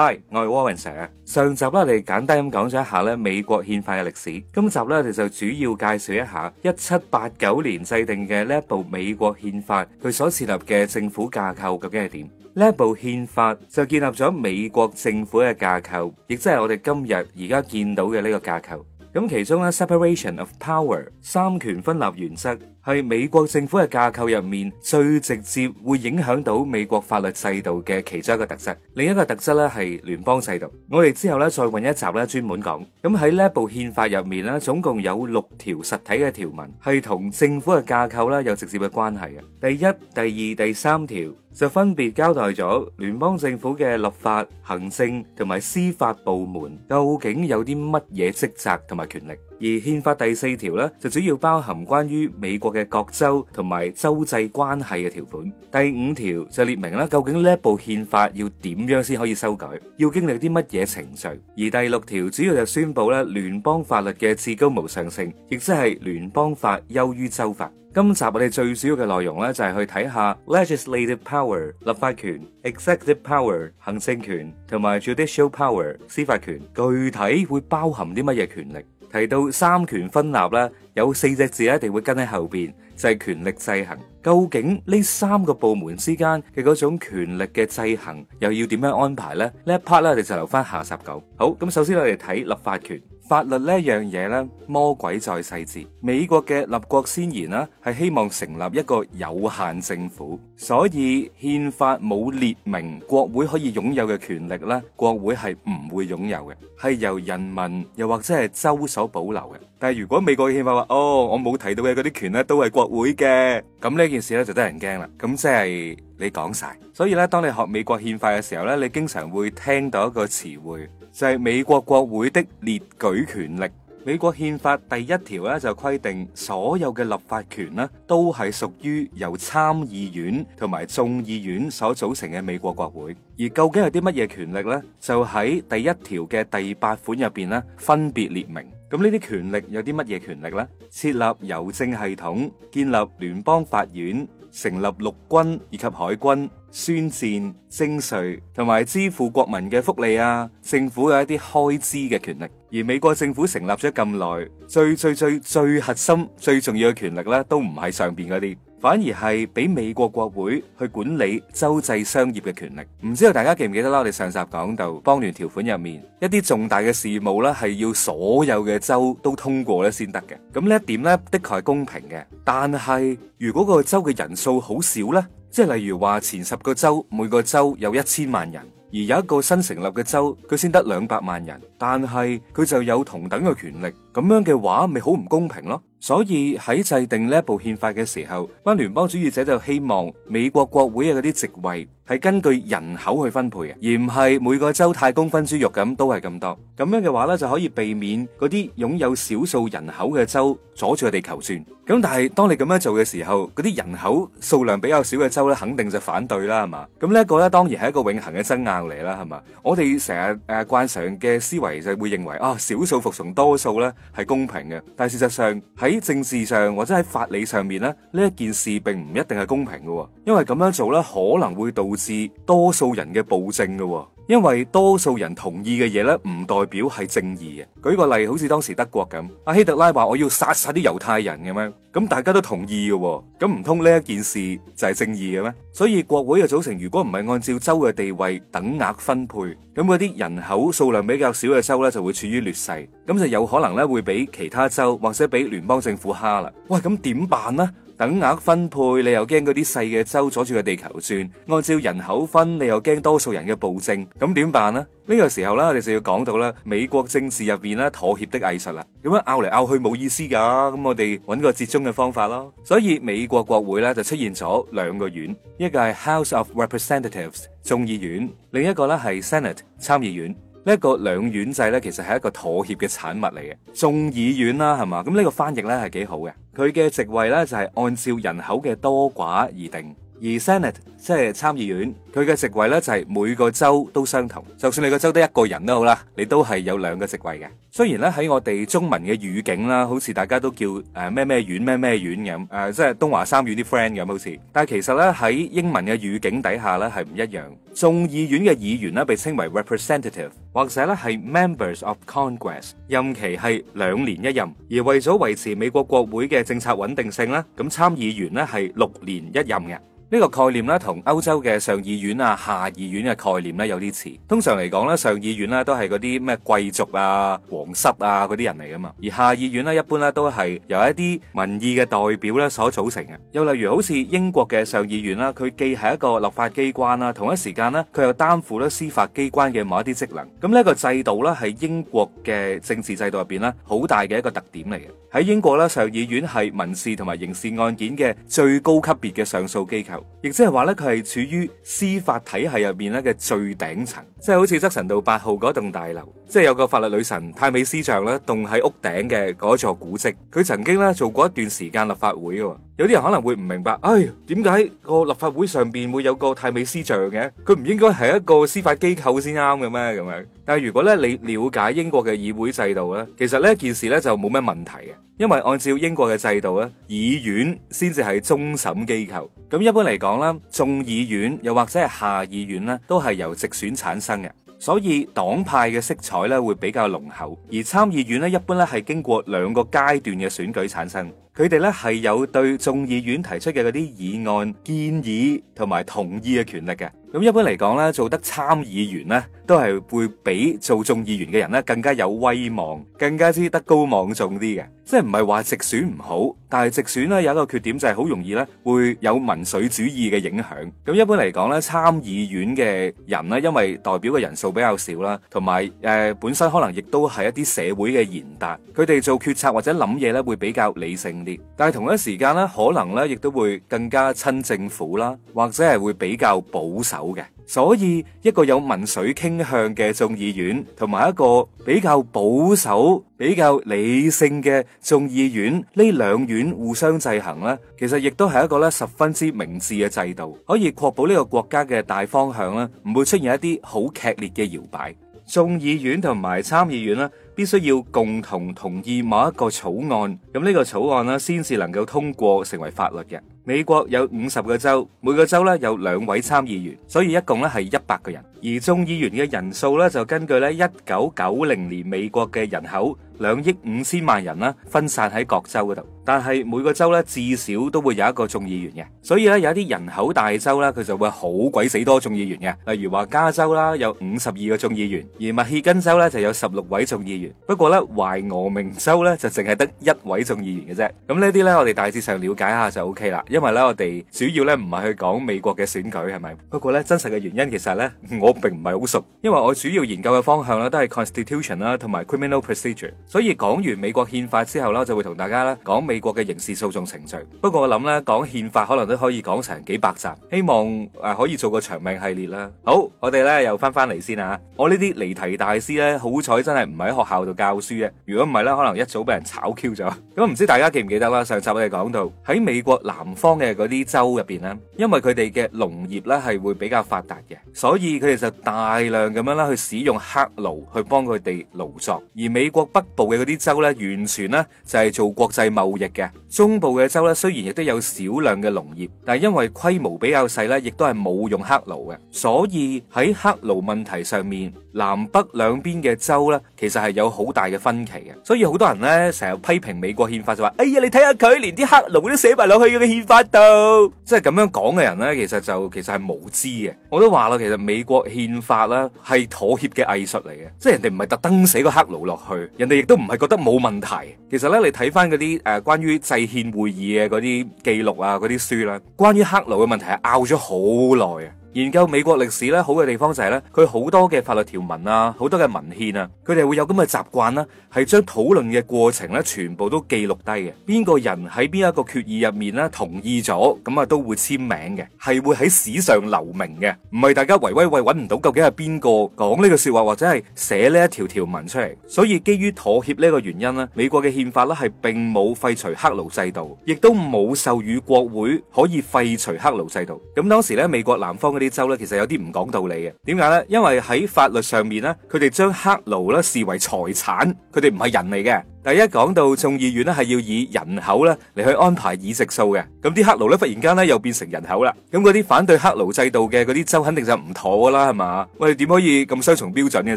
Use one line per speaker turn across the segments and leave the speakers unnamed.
Hi，我係 Warren Sir，上集咧，我哋簡單咁講咗一下咧美國憲法嘅歷史，今集咧我哋就主要介紹一下一七八九年制定嘅呢一部美國憲法，佢所設立嘅政府架構究竟係點？呢一部憲法就建立咗美國政府嘅架構，亦即係我哋今日而家見到嘅呢個架構。咁其中咧，Separation of Power 三權分立原則。係美國政府嘅架構入面，最直接會影響到美國法律制度嘅其中一個特質。另一個特質咧，係聯邦制度。我哋之後咧再揾一集咧專門講。咁喺呢一部憲法入面咧，總共有六條實體嘅條文係同政府嘅架構咧有直接嘅關係嘅。第一、第二、第三條，就分別交代咗聯邦政府嘅立法、行政同埋司法部門究竟有啲乜嘢職責同埋權力。而憲法第四條呢，就主要包含關於美國嘅各州同埋州際關係嘅條款。第五條就列明啦，究竟呢一部憲法要點樣先可以修改，要經歷啲乜嘢程序。而第六條主要就宣布咧，聯邦法律嘅至高無上性，亦即係聯邦法優於州法。今集我哋最主要嘅內容咧，就係去睇下 legislative power 立法權、executive power 行政權同埋 judicial power 司法權具體會包含啲乜嘢權力？提到三權分立咧，有四隻字一定會跟喺後邊，就係權力制衡。究竟呢三個部門之間嘅嗰種權力嘅制衡又要點樣安排呢？呢一 part 咧，我哋就留翻下集講。好，咁首先我哋睇立法權。法律呢一樣嘢咧，魔鬼在細節。美國嘅立國先賢啦，係希望成立一個有限政府，所以憲法冇列明國會可以擁有嘅權力咧，國會係唔會擁有嘅，係由人民又或者係州所保留嘅。但係如果美國憲法話哦，我冇提到嘅嗰啲權咧都係國會嘅，咁呢件事咧就得人驚啦。咁即係你講晒，所以咧當你學美國憲法嘅時候咧，你經常會聽到一個詞彙。就係美國國會的列舉權力。美國憲法第一條呢就規定，所有嘅立法權呢，都係屬於由參議院同埋眾議院所組成嘅美國國會。而究竟有啲乜嘢權力呢？就喺第一條嘅第八款入邊呢，分別列明。咁呢啲權力有啲乜嘢權力呢？設立郵政系統，建立聯邦法院，成立陸軍以及海軍。宣戰、徵稅同埋支付國民嘅福利啊，政府有一啲開支嘅權力，而美國政府成立咗咁耐，最最最最核心、最重要嘅權力咧，都唔係上邊嗰啲，反而係俾美國國會去管理州際商業嘅權力。唔知道大家記唔記得啦？我哋上集講到邦聯條款入面一啲重大嘅事務咧，係要所有嘅州都通過咧先得嘅。咁呢一點咧，的確係公平嘅，但係如果個州嘅人數好少咧？即係例如話，前十個州每個州有一千萬人，而有一個新成立嘅州，佢先得兩百萬人，但係佢就有同等嘅權力，咁樣嘅話咪好唔公平囉。所以喺制定呢一部憲法嘅時候，班聯邦主義者就希望美國國會嘅嗰啲席位係根據人口去分配嘅，而唔係每個州太公分豬肉咁都係咁多。咁樣嘅話咧，就可以避免嗰啲擁有少數人口嘅州阻住地球轉。咁但係當你咁樣做嘅時候，嗰啲人口數量比較少嘅州咧，肯定就反對啦，係嘛？咁呢一個咧，當然係一個永恆嘅爭拗嚟啦，係嘛？我哋成日誒慣常嘅思維就會認為啊，少數服從多數咧，係公平嘅，但係事實上係。喺政治上或者喺法理上面咧，呢一件事並唔一定係公平嘅，因為咁樣做咧，可能會導致多數人嘅暴政嘅。因為多數人同意嘅嘢呢，唔代表係正義嘅。舉個例，好似當時德國咁，阿希特拉話我要殺晒啲猶太人咁樣，咁大家都同意嘅，咁唔通呢一件事就係正義嘅咩？所以國會嘅組成如果唔係按照州嘅地位等額分配，咁嗰啲人口數量比較少嘅州呢就會處於劣勢，咁就有可能呢會俾其他州或者俾聯邦政府蝦啦。喂，咁點辦呢？等額分配，你又驚嗰啲細嘅州阻住個地球轉；按照人口分，你又驚多數人嘅暴政。咁點辦咧？呢個時候啦，我哋就要講到咧美國政治入面咧妥協的藝術啦。咁樣拗嚟拗去冇意思噶，咁我哋揾個折中嘅方法咯。所以美國國會咧就出現咗兩個院，一個係 House of Representatives 眾議院，另一個咧係 Senate 參議院。呢一個兩院制呢，其實係一個妥協嘅產物嚟嘅，眾議院啦，係嘛？咁、這、呢個翻譯呢，係幾好嘅，佢嘅席位呢，就係按照人口嘅多寡而定。而 Senate 即係參議院，佢嘅席位咧就係每個州都相同。就算你個州得一個人都好啦，你都係有兩個席位嘅。雖然咧喺我哋中文嘅語境啦，好似大家都叫誒咩咩縣咩咩縣咁誒，即係東華三院啲 friend 咁好似。但係其實咧喺英文嘅語境底下咧係唔一樣。眾議院嘅議員咧被稱為 representative，或者咧係 members of Congress，任期係兩年一任。而為咗維持美國國會嘅政策穩定性啦，咁參議員咧係六年一任嘅。呢個概念呢，同歐洲嘅上議院啊、下議院嘅概念呢，有啲似。通常嚟講，呢上議院呢都係嗰啲咩貴族啊、皇室啊嗰啲人嚟㗎嘛，而下議院呢，一般呢都係由一啲民意嘅代表呢所組成嘅。又例如好似英國嘅上議院啦，佢既係一個立法機關啦，同一時間呢，佢又擔負咧司法機關嘅某一啲職能。咁呢一個制度呢，係英國嘅政治制度入邊呢，好大嘅一個特點嚟嘅。喺英國呢，上議院係民事同埋刑事案件嘅最高級別嘅上訴機構。亦即係話咧，佢係處於司法體系入面咧嘅最頂層，即係好似昃臣道八號嗰棟大樓，即係有個法律女神泰美斯像，咧，棟喺屋頂嘅嗰座古迹，佢曾經咧做過一段時間立法會嘅。有啲人可能會唔明白，哎，點解個立法會上邊會有個泰美司長嘅？佢唔應該係一個司法機構先啱嘅咩？咁樣。但係如果咧你了解英國嘅議會制度咧，其實呢件事咧就冇咩問題嘅，因為按照英國嘅制度咧，議院先至係終審機構。咁一般嚟講咧，眾議院又或者係下議院咧，都係由直選產生嘅，所以黨派嘅色彩咧會比較濃厚。而參議院咧一般咧係經過兩個階段嘅選舉產生。佢哋咧係有對眾議院提出嘅嗰啲議案建議同埋同意嘅權力嘅。咁一般嚟講咧，做得參議員咧，都係會比做眾議員嘅人咧更加有威望，更加之德高望重啲嘅。即係唔係話直選唔好，但係直選咧有一個缺點就係好容易咧會有民粹主義嘅影響。咁一般嚟講咧，參議院嘅人咧，因為代表嘅人數比較少啦，同埋誒本身可能亦都係一啲社會嘅賢達，佢哋做決策或者諗嘢咧會比較理性啲。但係同一時間咧，可能咧亦都會更加親政府啦，或者係會比較保守。好嘅，所以一個有民粹傾向嘅眾議院，同埋一個比較保守、比較理性嘅眾議院，呢兩院互相制衡呢，其實亦都係一個呢十分之明智嘅制度，可以確保呢個國家嘅大方向呢，唔會出現一啲好劇烈嘅搖擺。眾議院同埋參議院呢，必須要共同同意某一個草案，咁呢個草案呢，先至能夠通過成為法律嘅。美國有五十個州，每個州咧有兩位參議員，所以一共咧係一百個人。而眾議員嘅人數咧就根據咧一九九零年美國嘅人口。兩億五千萬人啦，分散喺各州嗰度，但係每個州咧至少都會有一個眾議員嘅，所以咧有一啲人口大州咧，佢就會好鬼死多眾議員嘅。例如話加州啦，有五十二個眾議員，而密歇根州咧就有十六位眾議員。不過咧，懷俄明州咧就淨係得一位眾議員嘅啫。咁呢啲咧，我哋大致上了解下就 OK 啦，因為咧我哋主要咧唔係去講美國嘅選舉係咪？不過咧真實嘅原因其實咧，我並唔係好熟，因為我主要研究嘅方向咧都係 constitution 啦同埋 criminal procedure。所以講完美國憲法之後啦，就會同大家咧講美國嘅刑事訴訟程序。不過我諗呢講憲法可能都可以講成幾百集，希望誒可以做個長命系列啦。好，我哋呢又翻翻嚟先啊！我呢啲離題大師呢，好彩真係唔喺學校度教書嘅。如果唔係呢，可能一早俾人炒 Q 咗。咁唔知大家記唔記得啦？上集我哋講到喺美國南方嘅嗰啲州入邊呢，因為佢哋嘅農業呢係會比較發達嘅，所以佢哋就大量咁樣啦去使用黑奴去幫佢哋勞作，而美國北部嘅嗰啲州咧，完全咧就係做國際貿易嘅。中部嘅州咧，雖然亦都有少量嘅農業，但係因為規模比較細咧，亦都係冇用黑奴嘅，所以喺黑奴問題上面。南北兩邊嘅州呢，其實係有好大嘅分歧嘅，所以好多人呢，成日批評美國憲法就話：哎呀，你睇下佢連啲黑奴都寫埋落去嘅個憲法度，即係咁樣講嘅人呢，其實就其實係無知嘅。我都話啦，其實美國憲法啦係妥協嘅藝術嚟嘅，即係人哋唔係特登寫個黑奴落去，人哋亦都唔係覺得冇問題。其實呢，你睇翻嗰啲誒關於制憲會議嘅嗰啲記錄啊，嗰啲書啦、啊，關於黑奴嘅問題係拗咗好耐啊。研究美國歷史咧，好嘅地方就係咧，佢好多嘅法律條文啊，好多嘅文獻啊，佢哋會有咁嘅習慣啦，係將討論嘅過程咧，全部都記錄低嘅。邊個人喺邊一個決議入面咧同意咗，咁啊都會簽名嘅，係會喺史上留名嘅，唔係大家圍威喂搵唔到究竟係邊個講呢個說話或者係寫呢一條條文出嚟。所以基於妥協呢個原因咧，美國嘅憲法咧係並冇廢除黑奴制度，亦都冇授予國會可以廢除黑奴制度。咁當時咧美國南方嘅。呢啲州咧，其實有啲唔講道理嘅。點解呢？因為喺法律上面咧，佢哋將黑奴咧視為財產，佢哋唔係人嚟嘅。第一講到眾議院咧，係要以人口咧嚟去安排議席數嘅。咁啲黑奴咧，忽然間咧又變成人口啦。咁嗰啲反對黑奴制度嘅嗰啲州，肯定就唔妥噶啦，係嘛？我哋點可以咁雙重標準嘅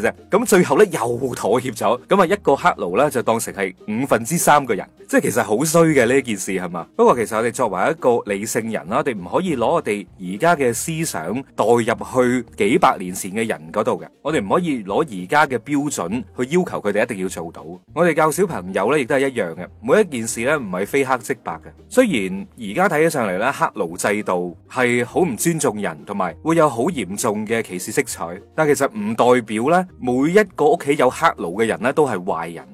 啫？咁最後咧又妥協咗。咁啊，一個黑奴呢，就當成係五分之三個人，即係其實好衰嘅呢一件事係嘛？不過其實我哋作為一個理性人啦，我哋唔可以攞我哋而家嘅思想代入去幾百年前嘅人嗰度嘅。我哋唔可以攞而家嘅標準去要求佢哋一定要做到。我哋教小。朋友咧，亦都係一樣嘅。每一件事咧，唔係非黑即白嘅。雖然而家睇起上嚟咧，黑奴制度係好唔尊重人，同埋會有好嚴重嘅歧視色彩，但其實唔代表咧，每一個屋企有黑奴嘅人咧，都係壞人。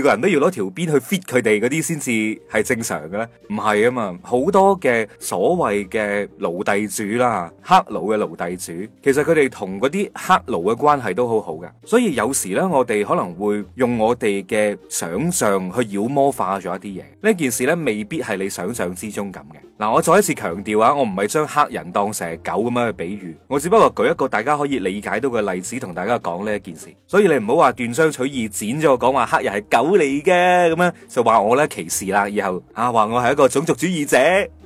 每個人都要攞條鞭去 fit 佢哋嗰啲先至係正常嘅咧，唔係啊嘛！好多嘅所謂嘅奴隸主啦，黑奴嘅奴隸主，其實佢哋同嗰啲黑奴嘅關係都好好嘅。所以有時呢，我哋可能會用我哋嘅想像去妖魔化咗一啲嘢，呢件事呢，未必係你想象之中咁嘅。嗱，我再一次強調啊，我唔係將黑人當成係狗咁樣去比喻，我只不過舉一個大家可以理解到嘅例子，同大家講呢一件事。所以你唔好話斷章取義，剪咗我講話黑人係狗。你嘅咁樣就話我咧歧視啦，以後啊話我係一個種族主義者。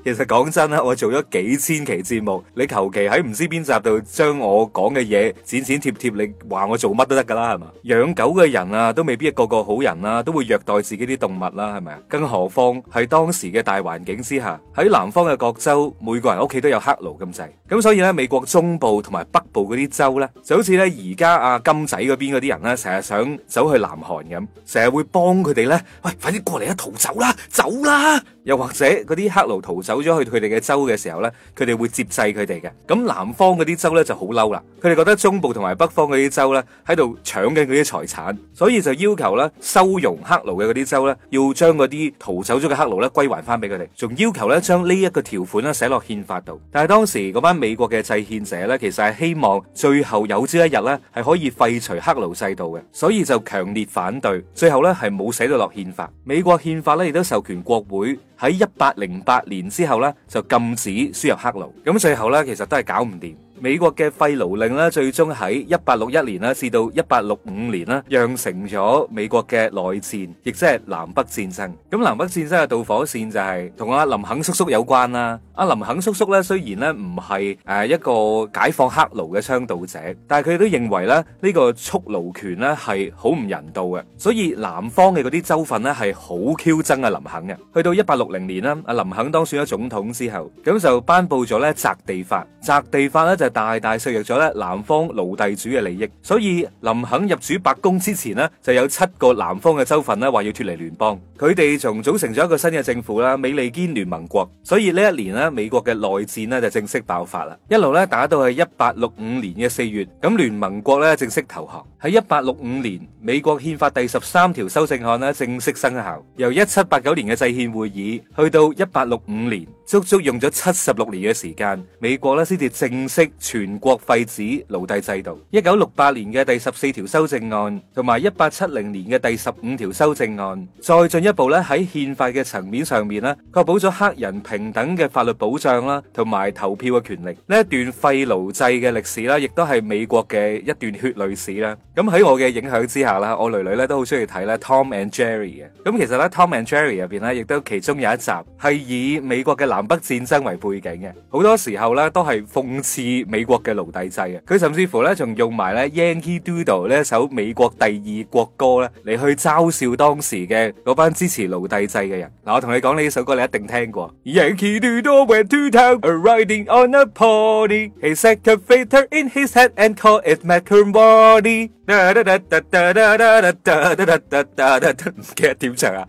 其實講真啦，我做咗幾千期節目，你求其喺唔知邊集度將我講嘅嘢剪剪貼貼，你話我做乜都得噶啦，係嘛？養狗嘅人啊，都未必個個好人啦，都會虐待自己啲動物啦，係咪啊？更何況係當時嘅大環境之下，喺南方嘅各州，每個人屋企都有黑奴咁滯，咁所以呢，美國中部同埋北部嗰啲州呢，就好似呢而家阿金仔嗰邊嗰啲人呢，成日想走去南韓咁，成日會幫佢哋呢，喂，快啲過嚟啊，逃走啦，走啦！又或者嗰啲黑奴逃走。走咗去佢哋嘅州嘅時候呢，佢哋會接濟佢哋嘅。咁南方嗰啲州呢，就好嬲啦，佢哋覺得中部同埋北方嗰啲州呢，喺度搶緊佢啲財產，所以就要求呢，收容黑奴嘅嗰啲州呢，要將嗰啲逃走咗嘅黑奴呢歸還翻俾佢哋，仲要求呢，將呢一個條款呢寫落憲法度。但係當時嗰班美國嘅制憲者呢，其實係希望最後有朝一日呢，係可以廢除黑奴制度嘅，所以就強烈反對，最後呢，係冇寫到落憲法。美國憲法呢亦都授權國會。喺一八零八年之後咧，就禁止輸入黑奴，咁最後咧，其實都係搞唔掂。美國嘅廢奴令咧，最終喺一八六一年啦，至到一八六五年啦，釀成咗美國嘅內戰，亦即係南北戰爭。咁南北戰爭嘅導火線就係同阿林肯叔叔有關啦。阿林肯叔叔咧，雖然咧唔係誒一個解放黑奴嘅倡導者，但係佢都認為咧呢個蓄奴權咧係好唔人道嘅，所以南方嘅嗰啲州份咧係好挑釁阿林肯嘅。去到一八六零年啦，阿林肯當選咗總統之後，咁就頒布咗咧《宅地法》。《宅地法》咧就，大大削弱咗咧南方奴隸主嘅利益，所以林肯入主白宮之前呢，就有七個南方嘅州份咧話要脫離聯邦，佢哋仲組成咗一個新嘅政府啦，美利堅聯盟國，所以呢一年咧美國嘅內戰呢就正式爆發啦，一路咧打到係一八六五年嘅四月，咁聯盟國咧正式投降。喺一八六五年，美國憲法第十三條修正案咧正式生效。由一七八九年嘅制憲會議去到一八六五年，足足用咗七十六年嘅時間，美國咧先至正式全國廢止奴隸制度。一九六八年嘅第十四條修正案，同埋一八七零年嘅第十五條修正案，再進一步咧喺憲法嘅層面上面咧，確保咗黑人平等嘅法律保障啦，同埋投票嘅權力。呢一段廢奴制嘅歷史啦，亦都係美國嘅一段血淚史啦。咁喺我嘅影響之下啦，我女女咧都好中意睇咧《Tom and Jerry》嘅。咁其實咧，《Tom and Jerry》入邊咧，亦都其中有一集係以美國嘅南北戰爭為背景嘅。好多時候咧，都係諷刺美國嘅奴隸制嘅。佢甚至乎咧，仲用埋咧《Yankee Doodle》呢一首美國第二國歌咧嚟去嘲笑當時嘅嗰班支持奴隸制嘅人。嗱，我同你講呢首歌，你一定聽過。唔記得點唱啊！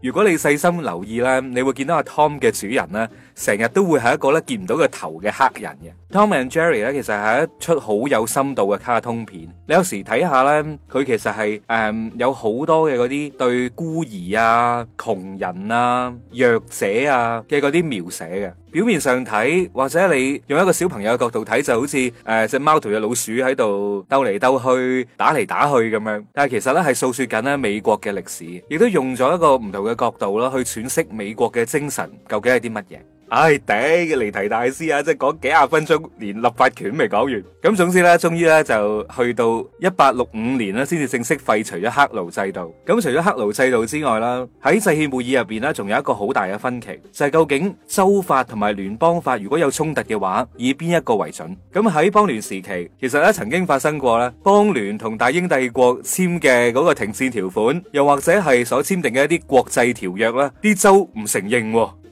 如果你細心留意咧，你會見到阿 Tom 嘅主人咧，成日都會係一個咧見唔到個頭嘅黑人嘅。Tom and Jerry 咧，其實係一出好有深度嘅卡通片。你有時睇下咧，佢其實係誒有好多嘅嗰啲對孤兒啊、窮人啊、弱者啊嘅嗰啲描寫嘅。表面上睇，或者你用一個小朋友嘅角度睇，就好似誒隻貓同隻老鼠喺度兜嚟兜去、打嚟打去咁樣。但係其實咧係訴說緊咧美國嘅歷史，亦都用咗一個唔同嘅角度啦，去詮釋美國嘅精神究竟係啲乜嘢？唉，頂嘅離題大師啊，即係講幾廿分鐘。連立法權未搞完，咁總之咧，終於咧就去到一八六五年咧，先至正式廢除咗黑奴制度。咁除咗黑奴制度之外啦，喺制憲會議入邊咧，仲有一個好大嘅分歧，就係究竟州法同埋聯邦法如果有衝突嘅話，以邊一個為準？咁喺邦聯時期，其實咧曾經發生過咧，邦聯同大英帝國簽嘅嗰個停戰條款，又或者係所簽訂嘅一啲國際條約啦，啲州唔承認喎。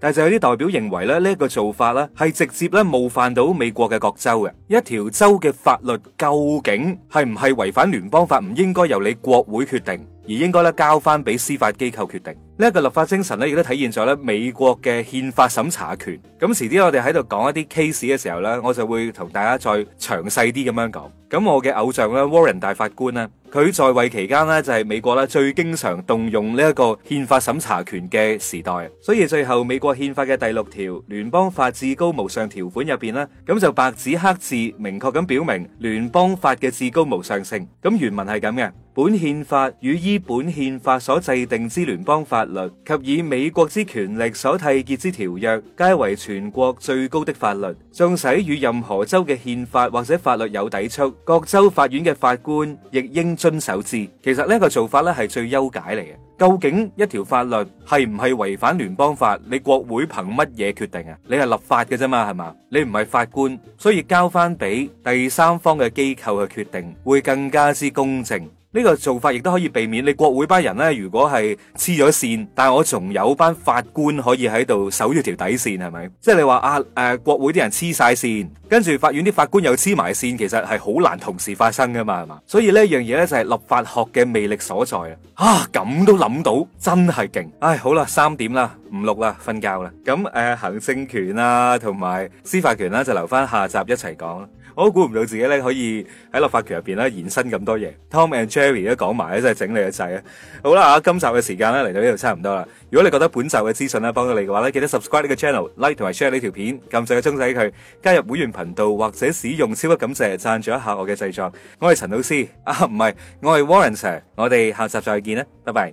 但係就有啲代表認為咧，呢一個做法咧係直接咧冒犯到美國嘅各州嘅一條州嘅法律，究竟係唔係違反聯邦法，唔應該由你國會決定，而應該咧交翻俾司法機構決定。呢一個立法精神咧，亦都體現咗咧美國嘅憲法審查權。咁遲啲我哋喺度講一啲 case 嘅時候咧，我就會同大家再詳細啲咁樣講。咁我嘅偶像咧，Warren 大法官咧。佢在位期間呢，就係美國咧最經常動用呢一個憲法審查權嘅時代，所以最後美國憲法嘅第六條聯邦法至高無上條款入邊呢，咁就白紙黑字明確咁表明聯邦法嘅至高無上性。咁原文係咁嘅。本憲法與依本憲法所制定之聯邦法律及以美國之權力所締結之條約，皆為全國最高的法律。縱使與任何州嘅憲法或者法律有抵觸，各州法院嘅法官亦應遵守之。其實呢一個做法咧，係最優解嚟嘅。究竟一條法律係唔係違反聯邦法？你國會憑乜嘢決定啊？你係立法嘅啫嘛，係嘛？你唔係法官，所以交翻俾第三方嘅機構去決定，會更加之公正。呢個做法亦都可以避免你國會班人咧，如果係黐咗線，但係我仲有班法官可以喺度守住條底線，係咪？即係你話啊，誒、呃，國會啲人黐晒線，跟住法院啲法官又黐埋線，其實係好難同時發生噶嘛，係嘛？所以呢樣嘢呢，就係、是、立法學嘅魅力所在啊！咁都諗到，真係勁！唉、哎，好啦，三點啦，唔錄啦，瞓覺啦。咁誒、呃，行政權啦，同埋司法權啦，就留翻下集一齊講。我都估唔到自己咧可以喺立法權入邊咧延伸咁多嘢。Tom and Jerry 都講埋咧，真係整理一齊啊！好啦，吓今集嘅時間咧嚟到呢度差唔多啦。如果你覺得本集嘅資訊咧幫到你嘅話咧，記得 subscribe 呢個 channel，like 同埋 share 呢條片，撳上個鐘仔畀佢，加入會員頻道或者使用超級感謝贊助一下我嘅製作。我係陳老師啊，唔係，我係 Warren Sir。我哋下集再見啦，拜拜。